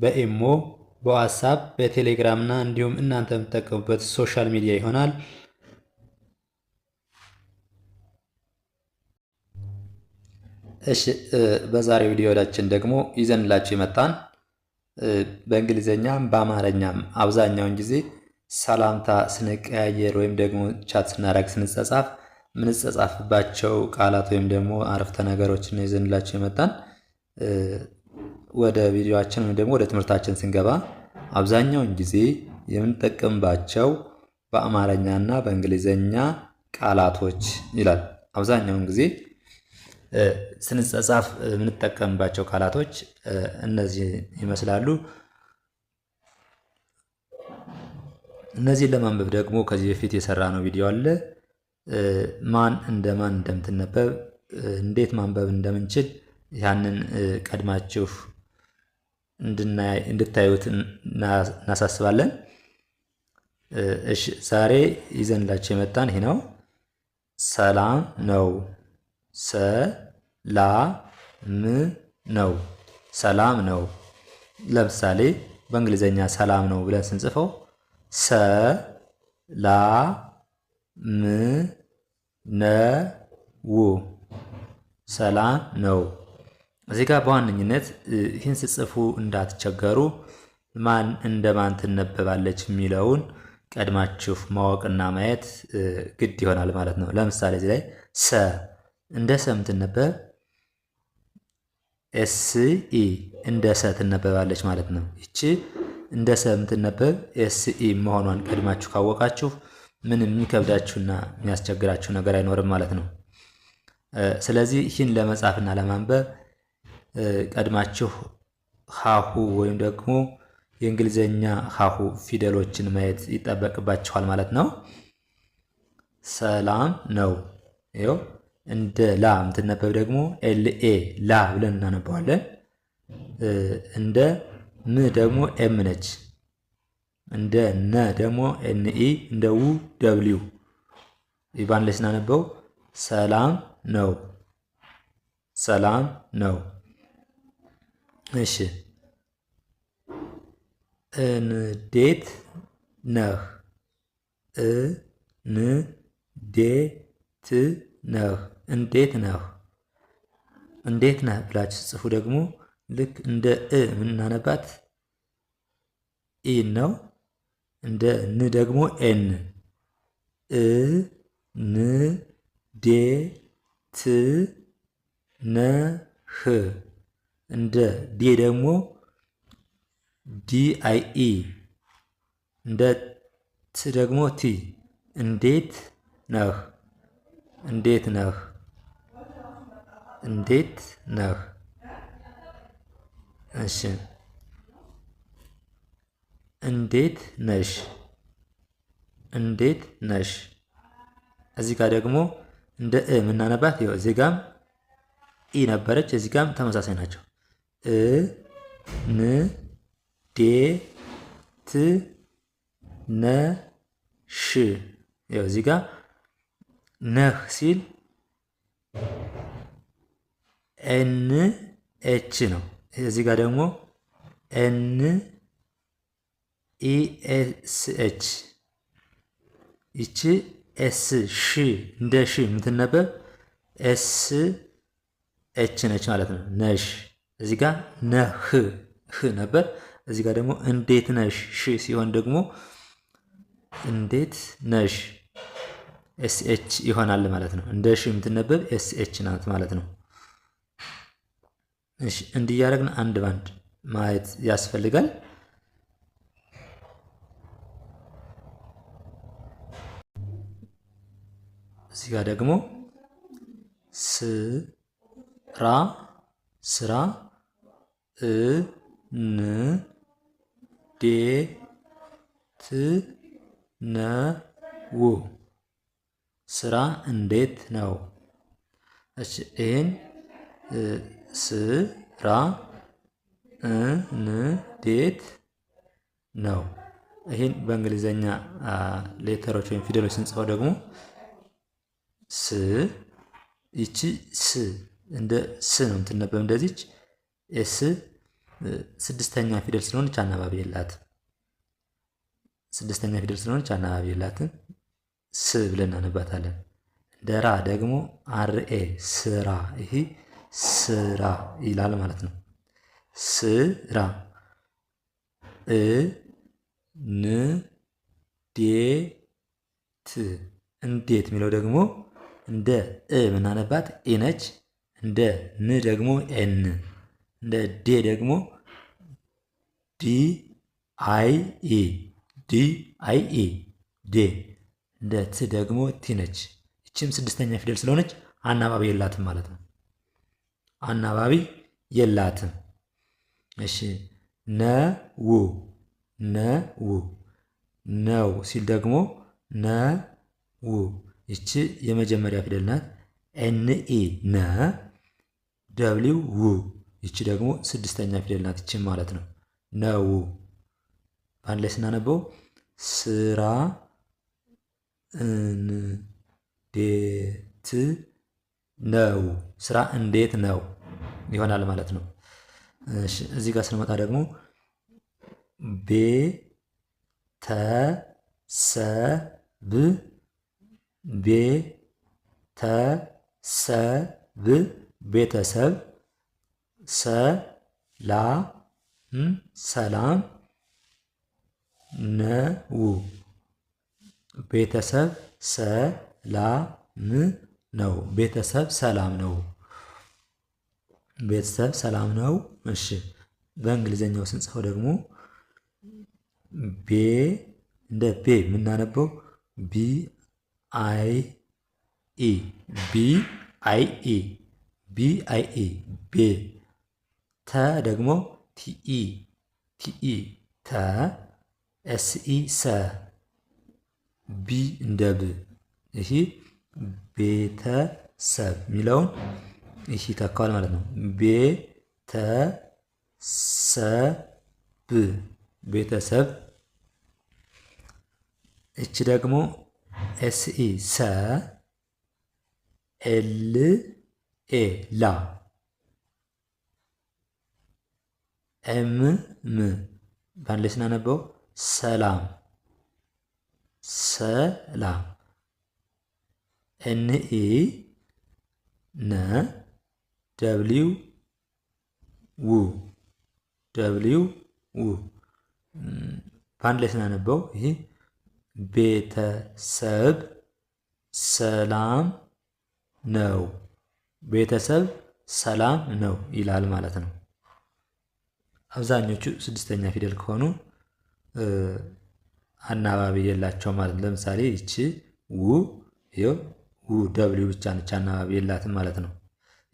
በኤሞ በዋትሳፕ በቴሌግራም እና እንዲሁም እናንተ የምትጠቀሙበት ሶሻል ሚዲያ ይሆናል። እሺ በዛሬው ቪዲዮዳችን ደግሞ ይዘንላችሁ የመጣን በእንግሊዝኛም በአማርኛም አብዛኛውን ጊዜ ሰላምታ ስንቀያየር ወይም ደግሞ ቻት ስናደርግ ስንጸጻፍ ምንጸጻፍባቸው ቃላት ወይም ደግሞ አረፍተ ነገሮችን ይዘንላችሁ የመጣን። ወደ ቪዲዮአችን ወይም ደግሞ ወደ ትምህርታችን ስንገባ አብዛኛውን ጊዜ የምንጠቀምባቸው በአማርኛና በእንግሊዘኛ ቃላቶች ይላል። አብዛኛውን ጊዜ ስንጸጻፍ የምንጠቀምባቸው ቃላቶች እነዚህ ይመስላሉ። እነዚህን ለማንበብ ደግሞ ከዚህ በፊት የሰራ ነው ቪዲዮ አለ። ማን እንደ ማን እንደምትነበብ እንዴት ማንበብ እንደምንችል ያንን ቀድማችሁ እንድታዩት እናሳስባለን። እሺ ዛሬ ይዘንላቸው የመጣን ይሄ ነው። ሰላም ነው። ሰላም ነው። ሰላም ነው። ለምሳሌ በእንግሊዘኛ ሰላም ነው ብለን ስንጽፈው ሰ ላ ም ነ ው ሰላም ነው። እዚህ ጋር በዋነኝነት ይህን ስጽፉ እንዳትቸገሩ ማን እንደማን ትነበባለች የሚለውን ቀድማችሁ ማወቅና ማየት ግድ ይሆናል ማለት ነው። ለምሳሌ እዚህ ላይ ሰ እንደ ሰ ምትነበብ ኤስኢ እንደ ሰ ትነበባለች ማለት ነው። ይቺ እንደ ሰ ምትነበብ ኤስኢ መሆኗን ቀድማችሁ ካወቃችሁ ምንም የሚከብዳችሁና የሚያስቸግራችሁ ነገር አይኖርም ማለት ነው። ስለዚህ ይህን ለመጻፍና ለማንበብ ቀድማችሁ ሀሁ ወይም ደግሞ የእንግሊዝኛ ሀሁ ፊደሎችን ማየት ይጠበቅባችኋል ማለት ነው። ሰላም ነው። ይኸው እንደ ላ የምትነበብ ደግሞ ኤልኤ ላ ብለን እናነባዋለን። እንደ ም ደግሞ ኤም ነች። እንደ ነ ደግሞ ኤንኢ፣ እንደ ው ደብሊው ይባን ላይ ስናነበው ሰላም ነው፣ ሰላም ነው። እሺ እንዴት ነህ? እንዴት ነህ? እንዴት ነህ? እንዴት ነህ ብላችሁ ስጽፉ ደግሞ ልክ እንደ እ የምናነባት ኢ ነው። እንደ ን ደግሞ ኤን እ ን ዴ ት ህ እንደ ዴ ደግሞ ዲ አይ ኢ እንደ ት ደግሞ ቲ እንዴት ነህ እንዴት ነህ እንዴት ነህ። እሺ እንዴት ነሽ እንዴት ነሽ። እዚህ ጋር ደግሞ እንደ እ የምናነባት እዚህ ጋም ኢ ነበረች፣ እዚህ ጋም ተመሳሳይ ናቸው። እ ን ዴ ት ነ ሽ ያው እዚህ ጋር ነህ ሲል ኤን ኤች ነው። እዚህ ጋር ደግሞ ኤን ኢኤስ ኤች ይቺ ኤስ ሺ እንደ ሺ የምትነበብ ኤስ ኤች ነች ማለት ነው ነሽ እዚህ ጋ ነህ ህ ነበር። እዚህ ጋ ደግሞ እንዴት ነሽ ሽ ሲሆን ደግሞ እንዴት ነሽ ኤስኤች ይሆናል ማለት ነው። እንደ ሽ የምትነበብ ኤስኤች ናት ማለት ነው። እሺ አንድ ባንድ ማየት ያስፈልጋል። እዚህ ጋር ደግሞ ስራ ስራ ን ዴ ት ነው። ስራ እንዴት ነው? ይህን ስራ እንዴት ነው? ይህን በእንግሊዘኛ ሌተሮች ወይም ፊደሎች ስንጽፈው ደግሞ ስ ይቺ ስ እንደ ስ ነው የምትነበብ እንደዚች ኤስ ስድስተኛ ፊደል ስለሆነች አናባቢ የላትም። ስድስተኛ ፊደል ስለሆነች አናባቢ የላትን ስ ብለን እናነባታለን። ደራ ደግሞ አርኤ ስራ፣ ይሄ ስራ ይላል ማለት ነው። ስራ እ ን ዴ ት እንዴት የሚለው ደግሞ እንደ እ ምናነባት ኤ ነች። እንደ ን ደግሞ ኤን እንደ ዴ ደግሞ ዲ አይ ኢ ዲ አይ ኤ ዴ። እንደ ት ደግሞ ቲ ነች። ይችም ስድስተኛ ፊደል ስለሆነች አናባቢ የላትም ማለት ነው። አናባቢ የላትም። እሺ ነ ው ነ ው ነው ሲል ደግሞ ነ ው ይቺ የመጀመሪያ ፊደል ናት። ኤን ኤ ነ ደብሊው ው ይቺ ደግሞ ስድስተኛ ፊደል ናት። ይቺ ማለት ነው ነው። በአንድ ላይ ስናነበው ስራ እንዴት ነው፣ ስራ እንዴት ነው ይሆናል ማለት ነው። እዚህ ጋር ስንመጣ ደግሞ ቤተሰብ ቤተሰብ ቤተሰብ ሰላም ሰላም ነው። ቤተሰብ ሰላም ነው። ቤተሰብ ሰላም ነው። ቤተሰብ ሰላም ነው። እሺ በእንግሊዝኛው ስንጽፈው ደግሞ ቤ እንደ ቤ የምናነበው ቢ አይ ኢ ቢ አይ ኢ ቢ አይ ኢ ቤ ተ ደግሞ ቲኢ ቲኢ ተ ኤስኢ ሰ ቢ እንደ ብ ይህ ቤተሰብ የሚለውን ይህ ተካዋል ማለት ነው። ቤተሰብ ቤተሰብ። እች ደግሞ ኤስኢ ሰ ኤል ኤ ላ ኤም ም ባንድ ላይ ስናነበው ሰላም ሰላም ኤን ነ ደብሊው ው ደብሊው ው በአንድ ላይ ስናነበው ይሄ ቤተሰብ ሰላም ነው። ቤተሰብ ሰላም ነው ይላል ማለት ነው። አብዛኞቹ ስድስተኛ ፊደል ከሆኑ አናባቢ የላቸው ማለት ነው። ለምሳሌ ይቺ ው ይኸው ው ደብሊው ብቻ ነች፣ አናባቢ የላትም ማለት ነው።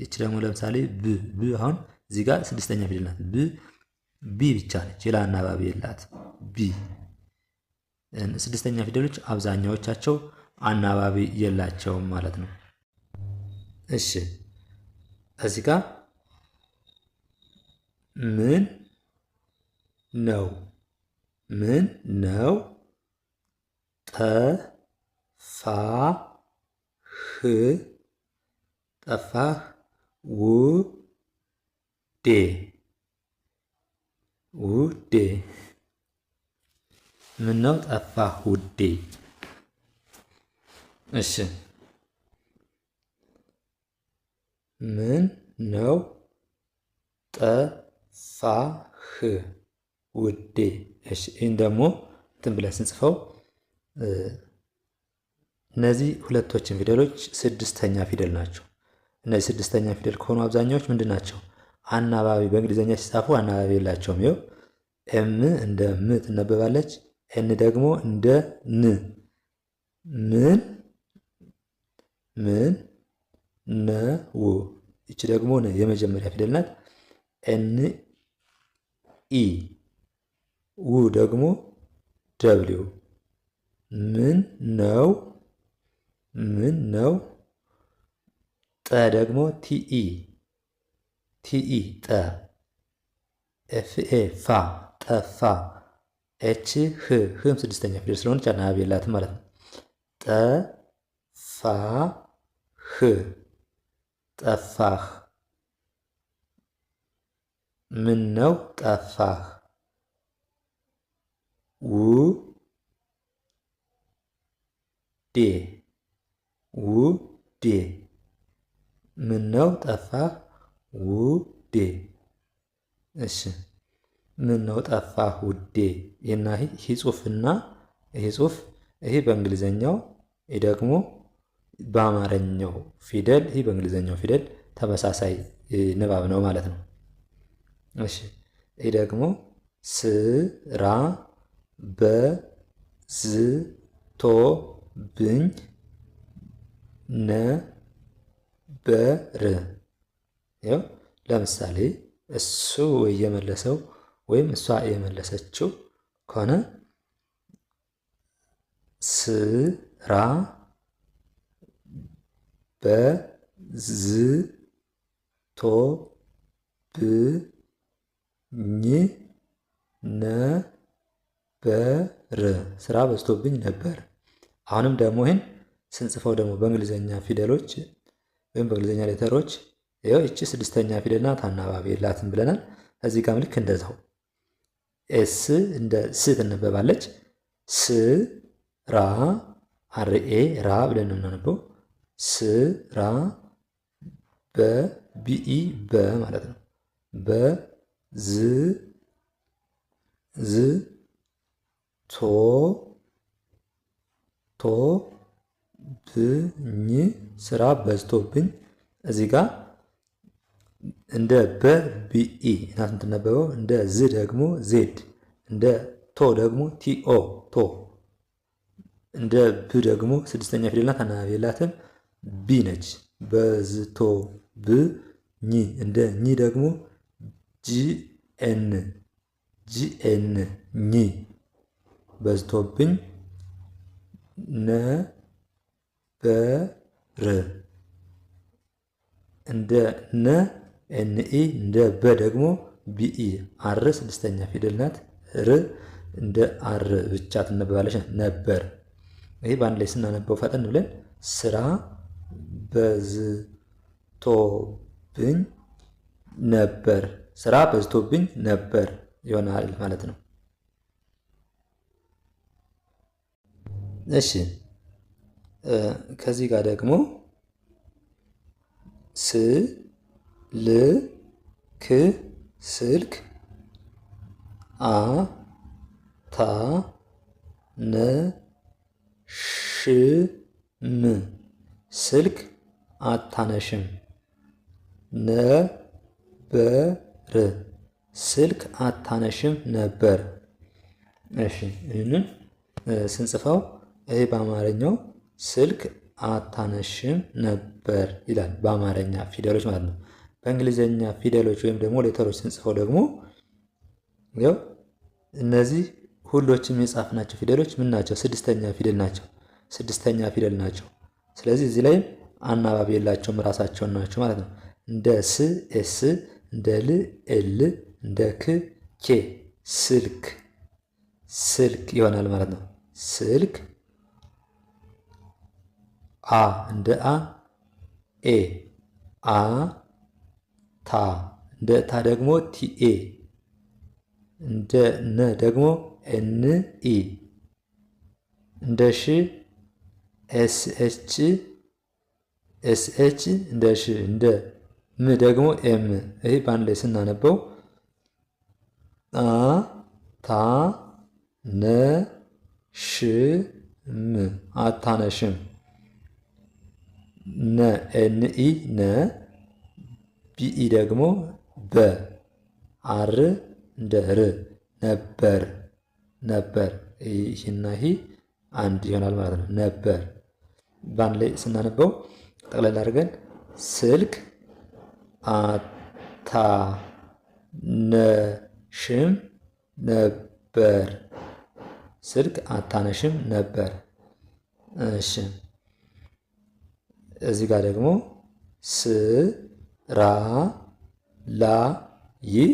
ይቺ ደግሞ ለምሳሌ ብ ብ አሁን እዚህ ጋር ስድስተኛ ፊደል ናት። ብ ቢ ብቻ ነች፣ ሌላ አናባቢ የላት ቢ ስድስተኛ ፊደሎች አብዛኛዎቻቸው አናባቢ የላቸውም ማለት ነው። እሺ እዚህ ጋር ምን ነው። ምን ነው? ጠፋህ ጠፋህ ውዴ ውዴ ምን ነው ጠፋህ ውዴ። እሺ ምን ነው ጠፋህ ውዴ። እሺ ይህን ደግሞ እንትን ብለን ስንጽፈው እነዚህ ሁለቶችን ፊደሎች ስድስተኛ ፊደል ናቸው። እነዚህ ስድስተኛ ፊደል ከሆኑ አብዛኛዎች ምንድን ናቸው? አናባቢ በእንግሊዝኛ ሲጻፉ አናባቢ የላቸውም። ይኸው ኤም እንደ ም ትነበባለች። ኤን ደግሞ እንደ ን ምን ምን ነው። ይቺ ደግሞ የመጀመሪያ ፊደል ናት። ኤን ኢ ው ደግሞ ደብሊው ምን ነው ምን ነው። ጠ ደግሞ ቲኢ ቲኢ ጠ ኤፍኤ ፋ ጠፋ። ኤች ህ ህም ስድስተኛ ፊደል ስለሆነ ጫና የላትም ማለት ነው። ጠፋ ህ ጠፋህ። ምን ነው ጠፋህ ውዴ ውዴ ምነው ጠፋህ ውዴ። እሺ ምነው ጠፋህ ውዴ። ይህና ይህ ጽሑፍና ይህ ጽሑፍ ይህ በእንግሊዘኛው ይህ ደግሞ በአማርኛው ፊደል ይህ በእንግሊዘኛው ፊደል ተመሳሳይ ንባብ ነው ማለት ነው። እሺ ይህ ደግሞ ስራ በዝቶብኝ ነበር። ይኸው ለምሳሌ እሱ የመለሰው ወይም እሷ የመለሰችው ከሆነ ስራ በዝቶብኝ ነ በር ስራ በዝቶብኝ ነበር። አሁንም ደግሞ ይህን ስንጽፈው ደግሞ በእንግሊዝኛ ፊደሎች ወይም በእንግሊዝኛ ሌተሮች ይኸው ስድስተኛ ፊደል ናት፣ አናባቢ የላትም ብለናል። እዚህ ጋም ልክ እንደዛው ኤስ እንደ ስ ትነበባለች። ስ ራ አርኤ ራ ብለን ነው የምናነበው። ስ ራ በቢኢ በ ማለት ነው በዝ ዝ ቶ ቶ ብኝ ስራ በዝቶብኝ እዚህ ጋር እንደ በ ቢኢ እናት የምትነበበው እንደ ዝ ደግሞ ዜድ እንደ ቶ ደግሞ ቲኦ ቶ እንደ ብ ደግሞ ስድስተኛ ፊደልና ተናባቢ የላትም ቢ ነች። በዝቶ ብ ኝ እንደ ኝ ደግሞ ጂኤን ጂኤን ኝ በዝቶብኝ ነበር። እንደ ነ ኤንኢ እንደ በ ደግሞ ቢኢ አር ስድስተኛ ፊደል ናት። ር እንደ አር ብቻ ትነበባለች። ነበር ይህ በአንድ ላይ ስናነበው ፈጠን ብለን ስራ በዝቶብኝ ነበር፣ ስራ በዝቶብኝ ነበር ይሆናል ማለት ነው። እሺ ከዚህ ጋር ደግሞ ስ ል ክ ስልክ አ ታ ነ ሽ ም ስልክ አታነሽም ነበር ስልክ አታነሽም ነበር። እሺ ይህንን ስንጽፈው ይህ በአማርኛው ስልክ አታነሽም ነበር ይላል። በአማርኛ ፊደሎች ማለት ነው። በእንግሊዝኛ ፊደሎች ወይም ደግሞ ሌተሮች ስንጽፈው ደግሞ ያው እነዚህ ሁሎችም የጻፍ ናቸው ፊደሎች ምን ናቸው? ስድስተኛ ፊደል ናቸው። ስድስተኛ ፊደል ናቸው። ስለዚህ እዚህ ላይም አናባቢ የላቸውም ራሳቸውን ናቸው ማለት ነው። እንደ ስ ኤስ፣ እንደ ል ኤል፣ እንደ ክ ኬ። ስልክ ስልክ ይሆናል ማለት ነው። ስልክ አ እንደ አ ኤ አ ታ እንደ ታ ደግሞ ቲኤ እንደ ነ ደግሞ ኤን ኢ እንደ ሽ ኤስኤች ኤስኤች እንደ ሽ እንደ ም ደግሞ ኤም ይሄ በአንድ ላይ ስናነበው አ ታ ነ ሽ ም አታነሽም ነ ኤንኢ ነ ቢኢ ደግሞ በ አር እንደ ር ነበር ነበር ይህና ሂ አንድ ይሆናል ማለት ነው። ነበር በአንድ ላይ ስናነበው ጠቅለል አድርገን ስልክ አታነሽም ነበር። ስልክ አታነሽም ነበር። እሺ እዚህ ጋር ደግሞ ስራ ላይ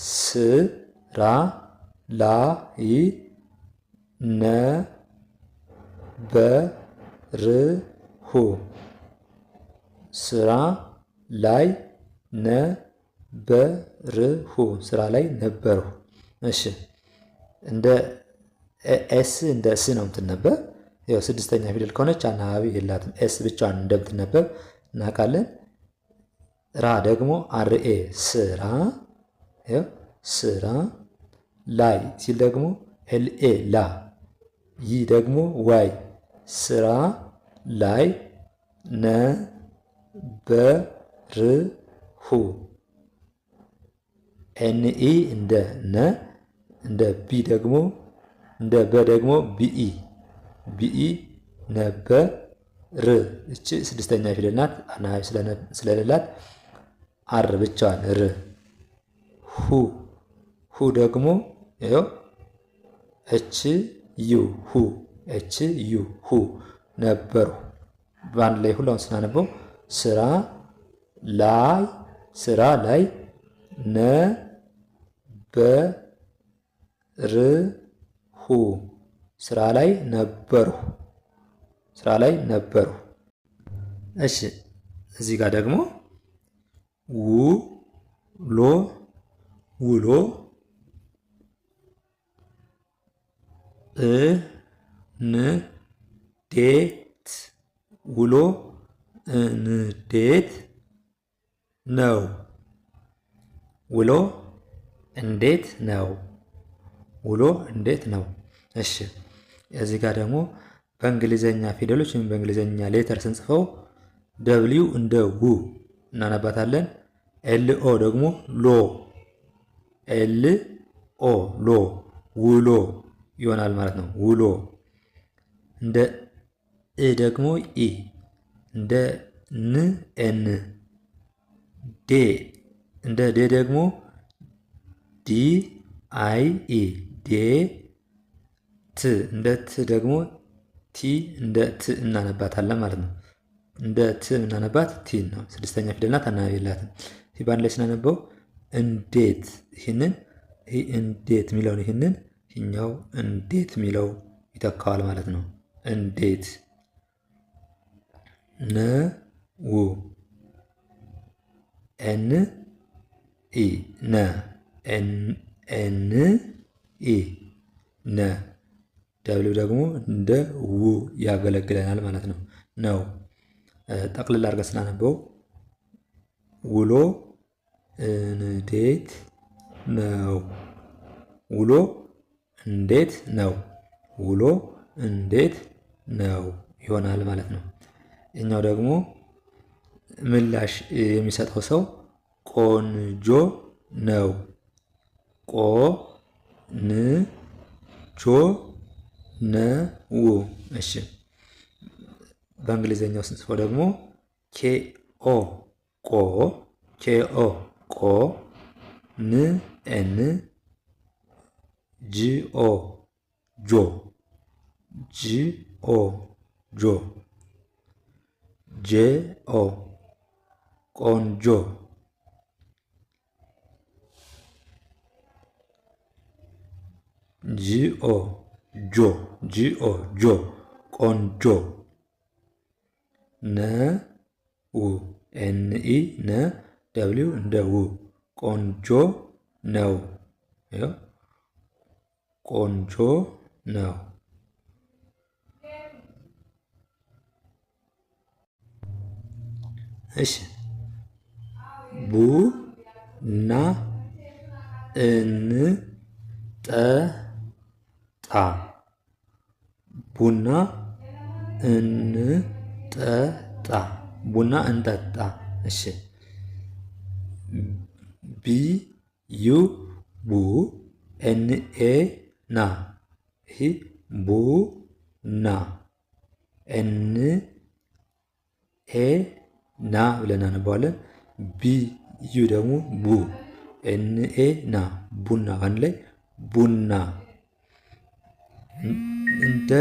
ስራ ላይ ነበርሁ ስራ ላይ ነበርሁ ስራ ላይ ነበርሁ። እሺ እንደ ኤስ እንደ ስ ነው የምትነበብ ያው ስድስተኛ ፊደል ከሆነች አናባቢ የላትም። ኤስ ብቻዋን እንደምትነበብ እናውቃለን። ራ ደግሞ አርኤ ስራ ስራ ላይ ሲል ደግሞ ኤልኤ ላ ይ ደግሞ ዋይ ስራ ላይ ነበርሁ ኤንኢ እንደ ነ እንደ ቢ ደግሞ እንደ በ ደግሞ ቢኢ ቢኢ ነበር ር ስድስተኛ ፊደል ናት። አናባቢ ስለሌላት አር ብቻዋን ር። ሁ ሁ ደግሞ ይኸው እች ዩ ሁ እች ዩ ሁ ነበሩ። በአንድ ላይ ሁላውን ስናነበው ስራ ላይ ስራ ላይ ነበርሁ ስራ ላይ ነበርሁ ስራ ላይ ነበሩ እሺ እዚህ ጋር ደግሞ ውሎ ውሎ እንዴት ውሎ እንዴት ነው ውሎ እንዴት ነው ውሎ እንዴት ነው። እሺ እዚህ ጋር ደግሞ በእንግሊዘኛ ፊደሎች ወይም በእንግሊዘኛ ሌተር ስንጽፈው ደብሊው እንደ ው እናነባታለን። ኤል ኦ ደግሞ ሎ ኤል ኦ ሎ ውሎ ይሆናል ማለት ነው። ውሎ እንደ እ ደግሞ ኢ እንደ ን ኤን ዴ እንደ ዴ ደግሞ ዲ አይ ኢ ዴ ት እንደ ት ደግሞ ቲ እንደ ት እናነባታለን ማለት ነው። እንደ ት እናነባት ቲ ነው። ስድስተኛ ፊደል ናት፣ አናባቢላትም። ይህ በአንድ ላይ ስናነበው እንዴት ይህንን ይህ እንዴት የሚለውን ይህንን ይህኛው እንዴት የሚለው ይተካዋል ማለት ነው። እንዴት ው ኤን ኢ ነ ኤን ኢ ነ ደብሊው ደግሞ እንደ ው ያገለግለናል ማለት ነው። ነው ጠቅልል አድርገን ስናነበው ውሎ እንዴት ነው? ውሎ እንዴት ነው? ውሎ እንዴት ነው ይሆናል ማለት ነው። እኛው ደግሞ ምላሽ የሚሰጠው ሰው ቆንጆ ነው። ቆንጆ ነው። እሺ በእንግሊዘኛው ስንጽፈው ደግሞ ኬኦ ቆ ኬኦ ቆ ን ኤን ጂኦ ጆ ጂኦ ጆ ጄኦ ቆንጆ ጂኦ ጆ ጂኦ ጆ ቆንጆ ነ ው ኤንኢ ነ ደብሊው እንደ ው ቆንጆ ነው ቆንጆ ነው። እሺ ቡ ና እን ጠ ጣ ቡና እንጠጣ ቡና እንጠጣ። እሺ ቢዩ ቡ ኤን ኤ ና ይህ ቡ ና ኤን ኤ ና ብለን አነባዋለን። ዩ ደግሞ ቡ ኤን ኤ ና ቡና አንድ ላይ ቡና እንደ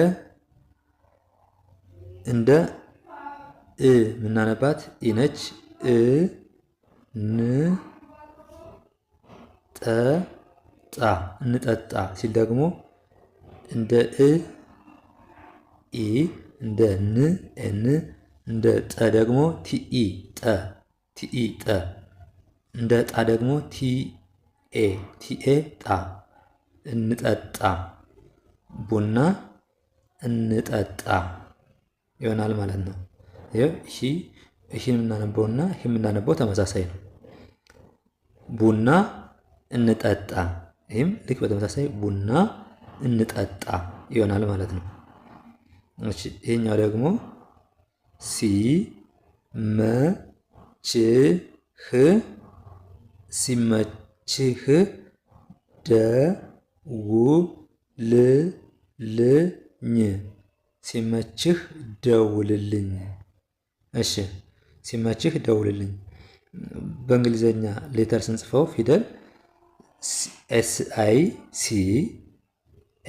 እንደ እ ምናነባት ኢነች እ ን ጠ ጣ እንጠጣ ሲል ደግሞ እንደ እ ኢ እንደ ን ኤን እንደ ጠ ደግሞ ቲኢ ጠ ቲኢ ጠ እንደ ጣ ደግሞ ቲኤ ቲኤ ጣ እንጠጣ ቡና እንጠጣ ይሆናል ማለት ነው። ሺ የምናነበው የምናነበውና ይህ የምናነበው ተመሳሳይ ነው። ቡና እንጠጣ፣ ይህም ልክ በተመሳሳይ ቡና እንጠጣ ይሆናል ማለት ነው። ይህኛው ደግሞ ሲ መ ች ህ ሲመችህ ደውልልኝ ሲመችህ ደውልልኝ። እሺ ሲመችህ ደውልልኝ። በእንግሊዘኛ ሌተር ስንጽፈው ፊደል ኤስ አይ ሲ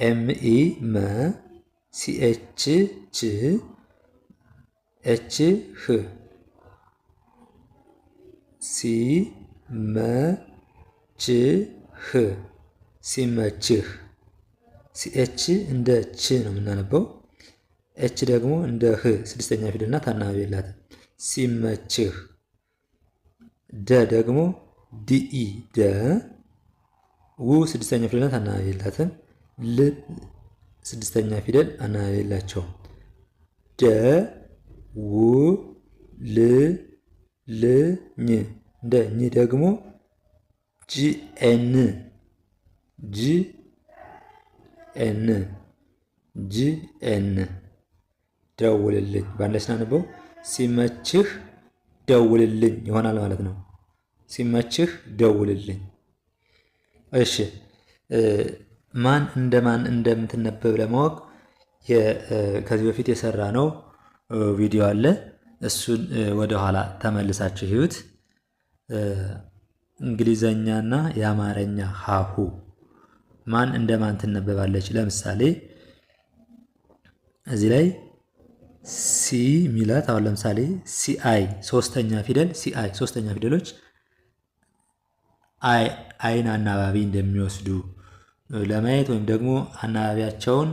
ኤም ኢ መ ሲ ኤች ች ኤች ህ ሲ መ ች ህ ሲመችህ። ሲኤች እንደ ች ነው የምናነበው ኤች ደግሞ እንደ ህ ስድስተኛ ፊደል ናት፣ አናባቢ የላትም። ሲመችህ። ደ ደግሞ ዲኢ ደ ው ስድስተኛ ፊደል ናት፣ አናባቢ የላትም። ል ስድስተኛ ፊደል አናባቢ የላቸውም። ደ ው ል ል ኝ እንደ ኝ ደግሞ ጂኤን ጂኤን ጂኤን ደውልልኝ ባለች ናንበው ሲመችህ ደውልልኝ ይሆናል ማለት ነው። ሲመችህ ደውልልኝ። እሺ ማን እንደ ማን እንደምትነበብ ለማወቅ ከዚህ በፊት የሰራ ነው ቪዲዮ አለ። እሱን ወደኋላ ተመልሳችሁ ይዩት። እንግሊዘኛና የአማርኛ ሀሁ ማን እንደማን ትነበባለች? ለምሳሌ እዚህ ላይ ሲ ሚላት አሁን ለምሳሌ ሲአይ ሶስተኛ ፊደል ሲአይ ሶስተኛ ፊደሎች አይን አናባቢ እንደሚወስዱ ለማየት ወይም ደግሞ አናባቢያቸውን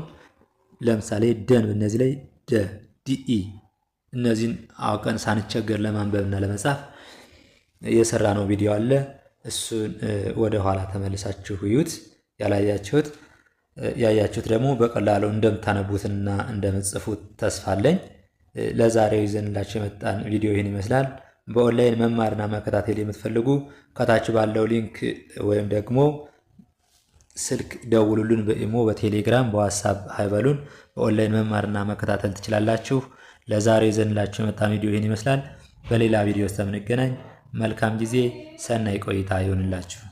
ለምሳሌ ደን በእነዚህ ላይ ደ ዲኢ እነዚህን አውቀን ሳንቸገር ለማንበብና ለመጻፍ የሰራ ነው ቪዲዮ አለ። እሱን ወደኋላ ተመልሳችሁ እዩት ያላያችሁት ያያችሁት ደግሞ በቀላሉ እንደምታነቡትና እንደምትጽፉት ተስፋ አለኝ። ለዛሬው ይዘንላችሁ የመጣን ቪዲዮ ይህን ይመስላል። በኦንላይን መማርና መከታተል የምትፈልጉ ከታች ባለው ሊንክ ወይም ደግሞ ስልክ ደውሉልን። በኢሞ፣ በቴሌግራም፣ በዋትሳፕ ሀይበሉን። በኦንላይን መማርና መከታተል ትችላላችሁ። ለዛሬው ይዘንላችሁ የመጣን ቪዲዮ ይህን ይመስላል። በሌላ ቪዲዮ እስከምንገናኝ መልካም ጊዜ፣ ሰናይ ቆይታ ይሆንላችሁ።